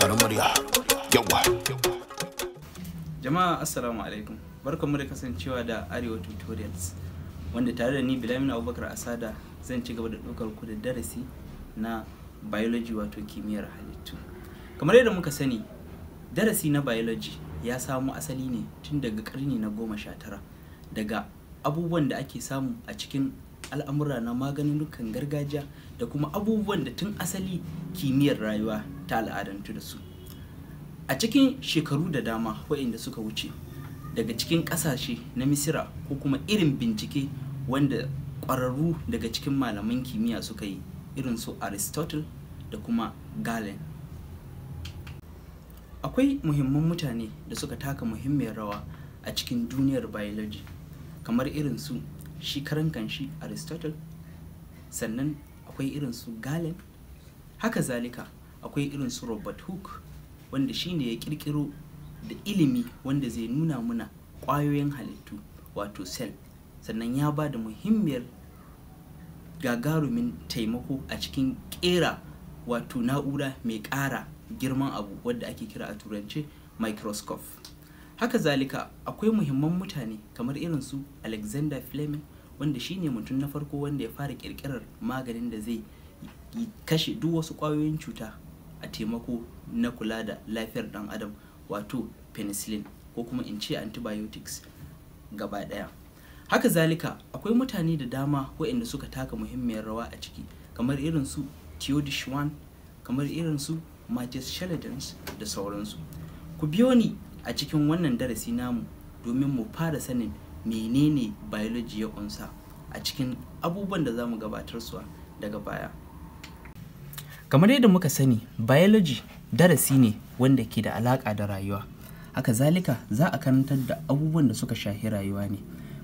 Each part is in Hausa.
tare murya yawa jama'a assalamu alaikum mu da kasancewa da arewa tutorials wanda tare da ni bilamin abubakar asada zan ci gaba da ɗaukar ku da darasi na biology wato kimiyyar halittu kamar yadda muka sani darasi na biology ya samo asali ne tun daga karni na goma sha tara daga abubuwan da ake samu a cikin al'amura na maganin dukkan gargajiya da kuma abubuwan da tun asali kimiyyar rayuwa ta al'adantu da su a cikin shekaru da dama waɗanda suka wuce daga cikin ƙasashe na misira ko kuma irin bincike wanda ƙwararru daga cikin malaman kimiyya suka yi irin su aristotle da kuma galen akwai muhimman mutane da suka taka muhimmiyar rawa a cikin duniyar biology kamar irin su shi karan kanshi aristotle sannan akwai irin su galen haka zalika akwai irin su robert hooke wanda shine ya kirkiro da ilimi wanda zai nuna muna ƙwayoyin halittu wato cell sannan ya ba da muhimmiyar gagarumin taimako a cikin ƙera wato na'ura mai ƙara girman abu wadda ake kira a turance microscope haka zalika akwai muhimman mutane kamar irin su alexander fleming wanda shine mutum na farko wanda ya fara kirkirar maganin da zai kashe duk wasu kwayoyin cuta a taimako na kula da lafiyar dan adam wato penicillin ko kuma in ce antibiotics gaba daya haka zalika akwai mutane da dama waɗanda suka taka muhimmiyar rawa a ciki kamar irin su Theodish Schwann kamar irin su Matthias Sheldons da sauransu ku biyo ni a cikin wannan darasi namu domin mu fara sanin menene biology ya kunsa a cikin abubuwan da zamu gabatar su daga baya kamar yadda muka sani biology darasi ne wanda ke da alaƙa da rayuwa haka zalika za a karantar da abubuwan da suka shahi rayuwa ne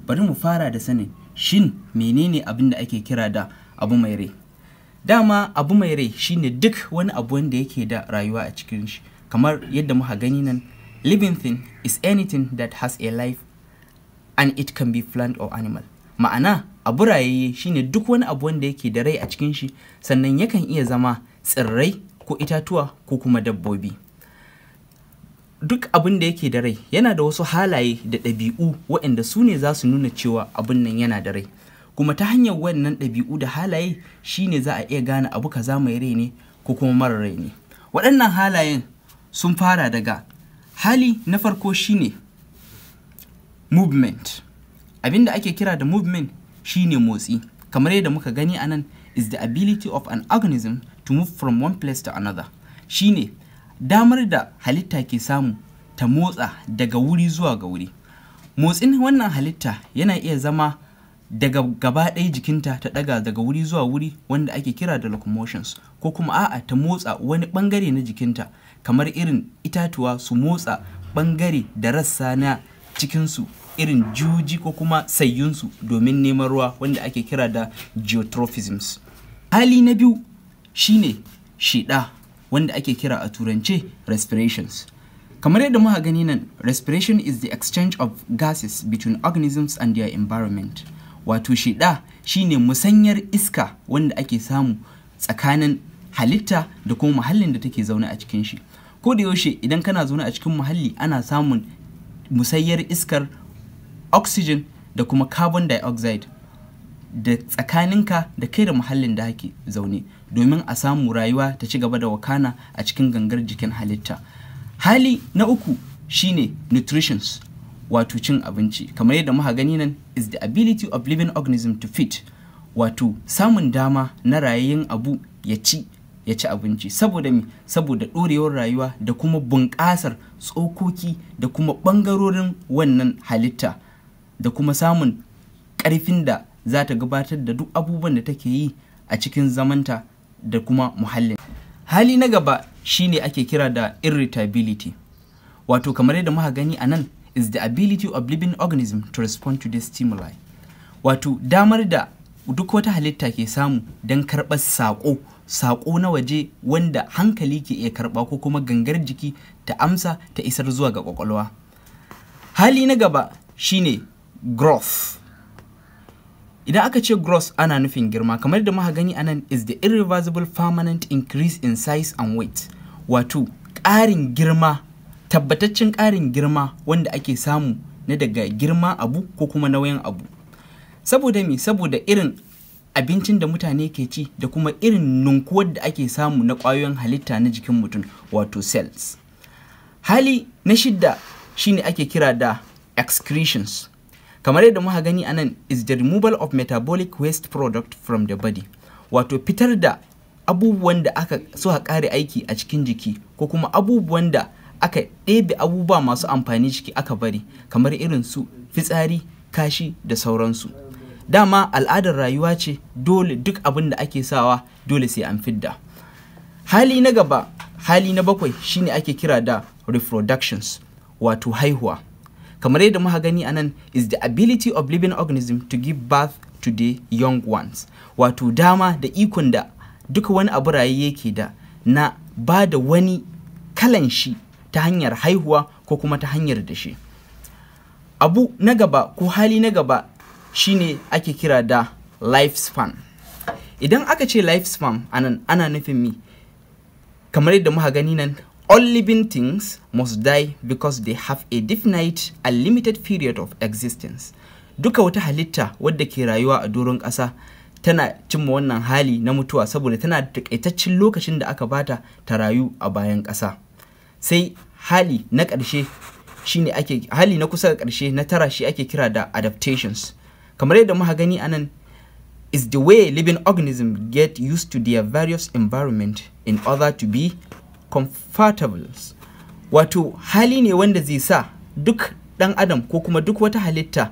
bari mu fara da sanin shin menene abin da ake kira da abu mai rai dama abu mai rai shine duk wani abu wanda yake da rayuwa a cikin shi kamar yadda muka gani nan living thing is anything that has a life and it can be plant or animal ma'ana abu shi shine duk wani abu wanda yake da rai a cikin shi sannan yakan iya zama tsirrai ko itatuwa ko kuma dabbobi duk abin da yake da rai yana da wasu halaye da ɗabi'u waɗanda su ne za su nuna cewa abin nan yana da rai kuma ta hanyar wannan ɗabi'u da halaye shi ne za a iya gane abu kaza mai rai ne ko kuma mara rai ne waɗannan halayen sun fara daga hali na farko shine movement abin da ake kira da movement shine motsi kamar yadda muka gani a nan is the ability of an organism to move from one place to another shine damar da halitta ke samu ta motsa daga wuri zuwa ga wuri motsin wannan halitta yana iya zama daga gaba ɗaya jikinta ta daga daga wuri zuwa wuri wanda ake kira da locomotions ko kuma a'a ta motsa wani bangare na jikinta kamar irin itatuwa su motsa bangare da rassa na cikinsu irin juji ko kuma sayyunsu domin neman ruwa wanda ake kira da geotrophisms hali na biyu shine shida wanda ake kira a turance respirations kamar yadda muka gani nan respiration is the exchange of gases between organisms and their environment wato shida shine musanyar iska wanda ake samu tsakanin halitta da kuma muhallin da take zaune a cikin shi ko da yaushe idan kana zaune a cikin muhalli ana samun musayyar iskar oxygen da kuma carbon dioxide da tsakaninka da kai da muhallin da ake zaune domin a samu rayuwa ta ci gaba da wakana a cikin gangar jikin halitta hali na uku shine nutritions wato cin abinci kamar yadda muka gani nan is the ability of living organism to fit wato samun dama na rayayyen abu ya ci ya ci abinci saboda mi saboda ɗorewar rayuwa da kuma bunƙasar tsokoki da kuma ɓangarorin wannan halitta da kuma samun ƙarfin da za ta gabatar da duk abubuwan da take yi a cikin zamanta da kuma muhallin hali na gaba shine ake kira da irritability wato kamar yadda muka gani a nan is the ability of living organism to respond to the stimuli wato damar da duk wata halitta ke samu don karɓar saƙo saƙo na waje wanda hankali ke iya karɓa ko kuma gangar jiki ta amsa ta isar zuwa ga ƙwaƙwalwa hali na gaba shine growth idan aka ce growth ana nufin girma kamar da muka gani anan is the irreversible permanent increase in size and weight wato ƙarin girma tabbataccen ƙarin girma wanda ake samu na daga girma abu ko kuma nauyin abu saboda me saboda irin abincin da mutane ke ci da kuma irin nunkuwar da ake samu na ƙwayoyin halitta na jikin mutum wato cells hali na shidda shine ake kira da excretions kamar yadda muka gani anan is the removal of metabolic waste product from the body wato fitar da abubuwan da aka a kare aiki a cikin jiki ko kuma abubuwan da aka ɗebe abubuwa masu amfani ciki aka bari kamar irin su fitsari kashi da sauransu dama al'adar rayuwa ce dole duk abin da ake sawa dole sai an fidda hali na gaba hali na bakwai shine ake kira da reproductions wato haihuwa kamar yadda muka gani anan is the ability of living organism to give birth to the young ones wato dama da ikon da duka wani abu raye yake da na ba da wani kalan shi ta hanyar haihuwa ko kuma ta hanyar da abu na gaba ko hali na gaba shine ake kira da lifespan idan aka ce lifespan anan ana nufin mi kamar yadda muka gani nan all living things must die because they have a definite and limited period of existence duka wata halitta wadda ke rayuwa a doron ƙasa tana cimma wannan hali na mutuwa saboda tana da takaitaccen lokacin da aka bata ta rayu a bayan ƙasa sai hali na ƙarshe shine ake hali na kusa da ƙarshe na tara shi ake kira da adaptations kamar yadda muka gani anan is the way living organisms get used to their various environment in order to be comfortable wato hali ne wanda zai sa duk dan adam ko kuma duk wata halitta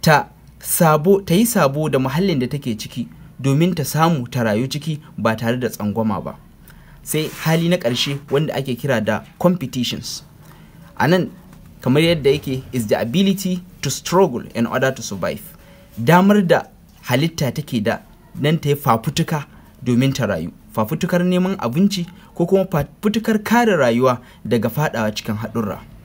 ta sabo ta yi sabo da muhallin da take ciki domin ta samu ta rayu ciki ba tare da tsangwama ba sai hali na ƙarshe wanda ake kira da competitions anan kamar yadda yake is the ability to struggle in order to survive damar da halitta take da nan ta yi fafutuka domin ta rayu fafutukar neman abinci ko kuma fafutukar kare rayuwa daga fadawa cikin haɗurra.